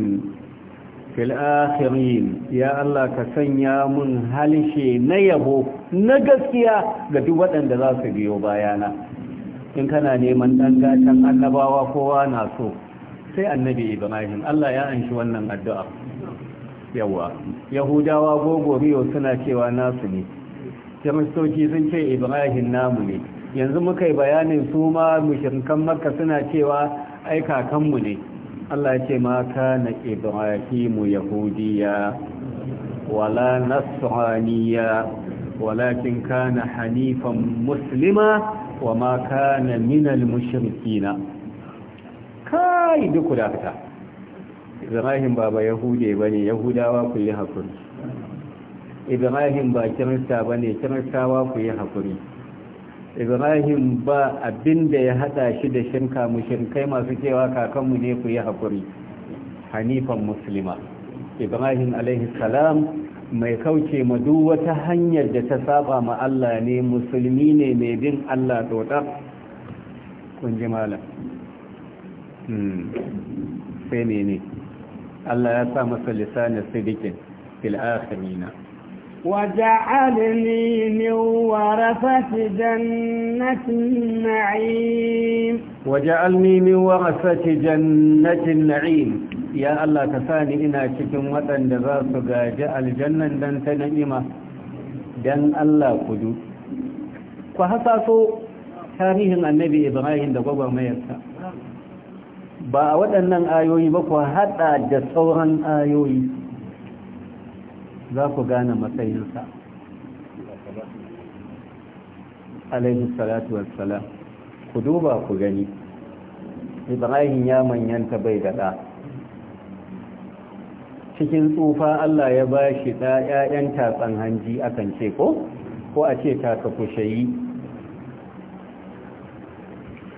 fil akhirin ya Allah ka sanya mun halishe na yabo na gaskiya ga duk waɗanda za su biyo bayana in kana neman ɗan gatan annabawa kowa na so sai annabi ibrahim allah ya anshi wannan addu'a yawa yahudawa gogo suna cewa nasu ne kiristoci sun ce ibrahim namu ne yanzu muka yi bayanin su ma mushrikan makka suna cewa ai kakanmu ne allah ya ce ma kana ibrahimu yahudiya wala nasraniya walakin kana hanifan muslima wa ma kana minal mushrikina kai duk dakata ibrahim baba yahude bane yahudawa ku yi hakuri ibrahim ba kirista bane kiristawa ku yi hakuri ibrahim ba abinda ya hada shi da shirka mushrikai masu cewa kakanmu ne ku yi hakuri hanifan muslima ibrahim alaihi salam mai kauce ma duk wata hanyar da ta saba ma Allah ne musulmi ne mai bin Allah tota kun ji malam hmm. sai ne ne Allah ya sa masa lisanin sidikin fil akhirina وجعلني من ورثة جنة النعيم وجعلني من ورثة جنة النعيم ya Allah ka sa ni ina cikin waɗanda za su gaji aljannan dan ta na'ima dan Allah ku du ku hasaso tarihin annabi Ibrahim da mayarsa ba a waɗannan ayoyi ba ku haɗa da sauran ayoyi za ku gane matsayinsa alaihi salatu wassalam ku duba ku gani ibrahim ya manyanta bai da ɗa cikin tsufa Allah ya ba shi ‘ya'yan tatsan hanji akan ce ko ko a ce ta ka kushayi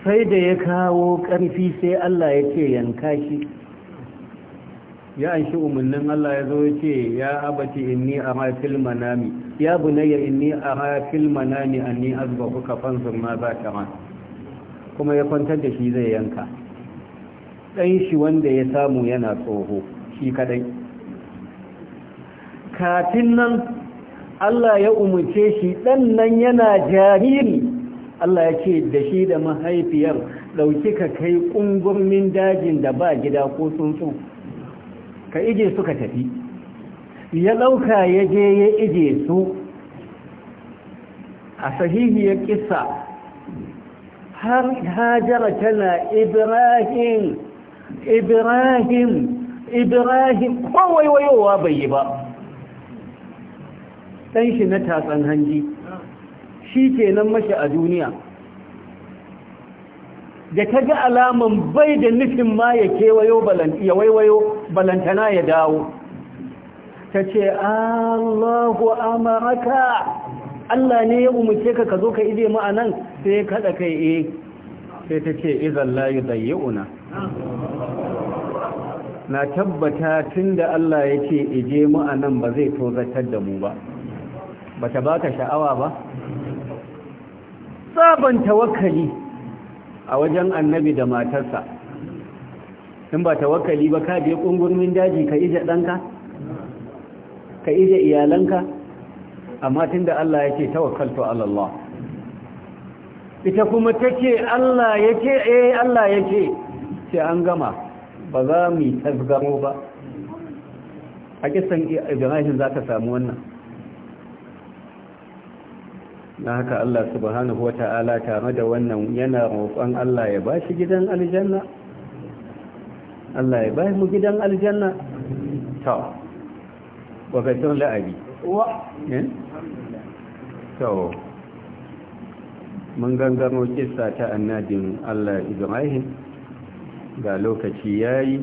sai da ya kawo ƙarfi sai Allah ya ce yanka shi ya an shi umarnin Allah ya zo ya ce ya abaci inni a hafil manami ya bunayya inni a hafil manami an ni azba kuka fansur ma za ta ma kuma ya kwantar da shi zai yanka ɗan shi wanda ya samu yana tsoho shi kadai kafin nan Allah ya umarce shi dan nan yana jariri Allah ya ce da shi da mahaifiyar dauki ka kai kungurmin dajin da ba gida ko tsuntsu ka ije su ka tafi ya ɗauka ya je ya ije su a sahihiyar kissa har hajara tana ibrahim ibrahim ibrahim kowai wayowa bai yi ba ɗan shi na tatsan hanji shi ke nan mashi a duniya da ta ga alaman bai da nufin ma ya kewayo ya balantana ya dawo ta ce allahu amaraka allah ne ya umarce ka ka zo ka ije ma'anan sai ya kada kai e. sai ta ce izan layu una. na tabbata tun da allah ya ce ije ma'anan ba zai tozatar da mu ba bata baka sha'awa ba sabon tawakkali a wajen annabi da matarsa in ba tawakkali ba ka je kungurmin daji ka ije danka ka ije iyalanka amma tunda Allah yake tawakkaltu ala Allah ita kuma take Allah yake eh Allah yake sai an gama ba za mu tasgaro ba a kisan Ibrahim za ka samu wannan na haka Allah subhanahu wa ta'ala tare da wannan yana roƙon Allah ya ba shi gidan aljanna Allah ya ba mu gidan aljanna ta wakacin la'abi eh? to mun gangano kissa ta annabin Allah Ibrahim ga lokaci yayi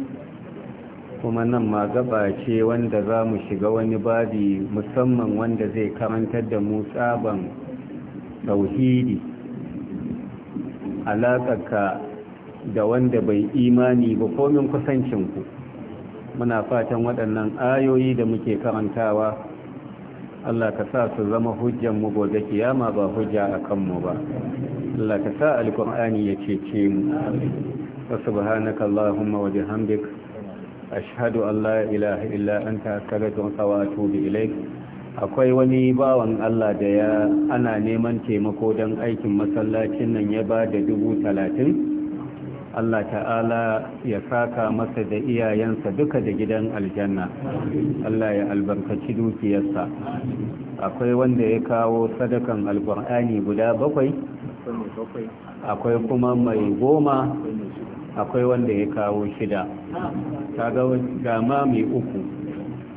kuma nan ma gaba ce wanda za mu shiga wani babi musamman wanda zai karantar da mu tsaban tauhidi alaƙaƙa da wanda bai imani ba komin kusancinku muna fatan waɗannan ayoyi da muke karantawa Allah ka sa su zama hujjanmu gobe kiyama ba hujja a kanmu ba Allah ka sa alƙur'ani ya cece mu wa subhanaka Allahumma wa bihamdika ashhadu an la ilaha illa anta astaghfiruka wa atubu ilayk akwai wani bawan Allah da ya ana neman taimako don aikin masallacin nan ya ba da dubu talatin Allah ta'ala ya saka masa da iyayensa duka da gidan aljanna Allah ya albarkaci dukiyarsa akwai wanda ya kawo sadakan alkur'ani guda bakwai akwai kuma mai goma akwai wanda ya kawo shida ta ga mai uku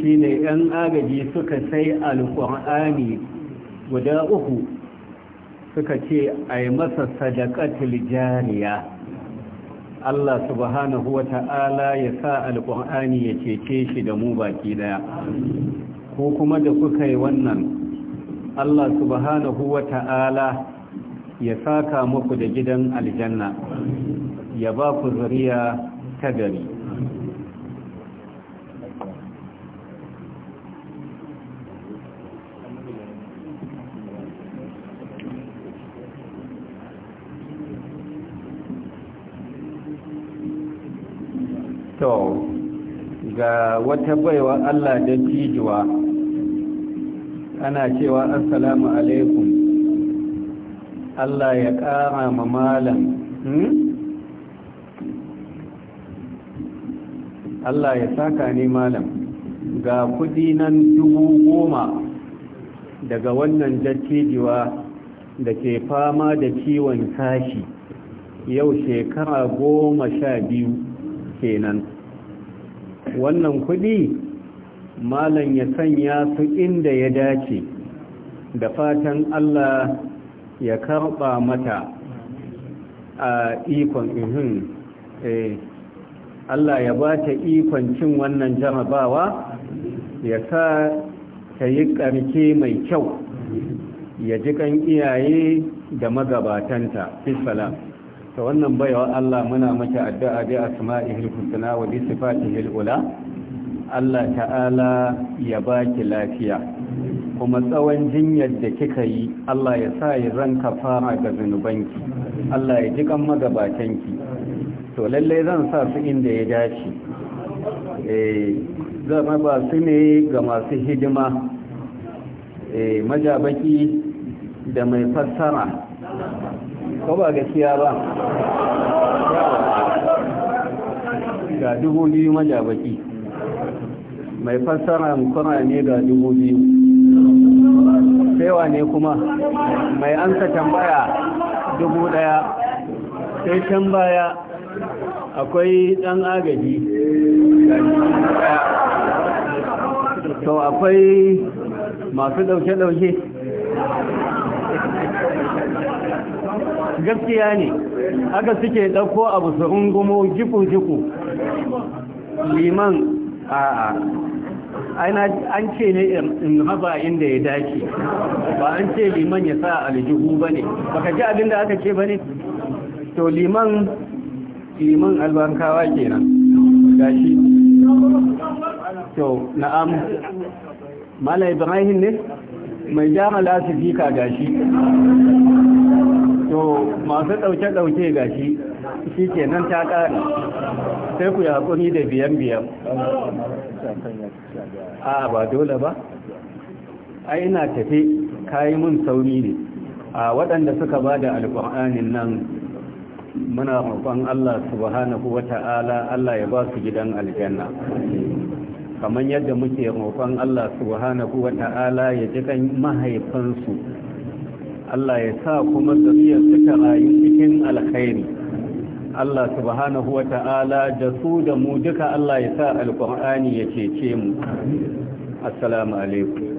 shine yan agaji suka sai alƙur'ani guda uku suka ce a yi masa sadakatul jariya Allah subhanahu wa ta'ala ya sa alƙur'ani ya cece shi da mu baki daya ko kuma da kuka yi wannan Allah subhanahu wa ta'ala ya saka muku da gidan aljanna ya ba ku zuriya ta gari ga wata baiwa Allah da jijuwa ana cewa assalamu alaikum Allah ya ƙara ma malam hmm? Allah ya saka ni malam ga kudi nan dubu goma daga wannan dattijuwa da ke fama da ciwon kashi yau shekara goma sha biyu kenan wannan kuɗi malan ya sanya su inda ya dace da fatan Allah ya karba mata a ikon ihun eh, Allah ya ba ta ikon cin wannan jarabawa ya sa ta yi ƙarke mai kyau ya ji iyaye da magabatanta fi salam ta wannan baiwa Allah muna mata addu'a bi asma'ihil husna wa bi sifatihil ula Allah ta'ala ya baki lafiya kuma tsawon jinyar da kika yi Allah ya sa ya ranka fara ga zanubanki Allah ya ji kan magabatanki to lalle zan sa su inda ya dace eh zan raba su ne ga masu hidima eh majabaki da mai fassara ka ba gaskiya ba ga dubu biyu majabaki mai fassara kura ne ga dubu biyu saiwa ne kuma mai ansa tambaya dubu daya sai tambaya. akwai dan agaji to akwai masu dauke-dauke gaskiya ne haka suke dauko abu su rungumo jiku-jiku liman a'a an ce ne in haba inda ya dace ba an ce liman ya sa aljihu ba ne baka ji abinda aka ce ba ne to liman liman albankawa kenan gashi to na'am mala ibrahim ne mai jama lasifika gashi to masu ɗauke-ɗauke ga shi shi ke nan ta ƙari sai ku yaƙuni da biyan-biyan a ba dole ba a ina tafi kayi mun sauri ne a waɗanda suka ba da alƙwa'anin nan muna roƙon Allah subhanahu wa ta'ala Allah ya ba su gidan aljanna kamar yadda muke roƙon Allah subhanahu wa ta'ala ya jikan mahaifansu Allah ya sa kuma zuriyar suka rayu cikin alkhairi Allah subhanahu wa ta'ala da su da mu duka Allah ya sa alkur'ani ya cece mu assalamu alaikum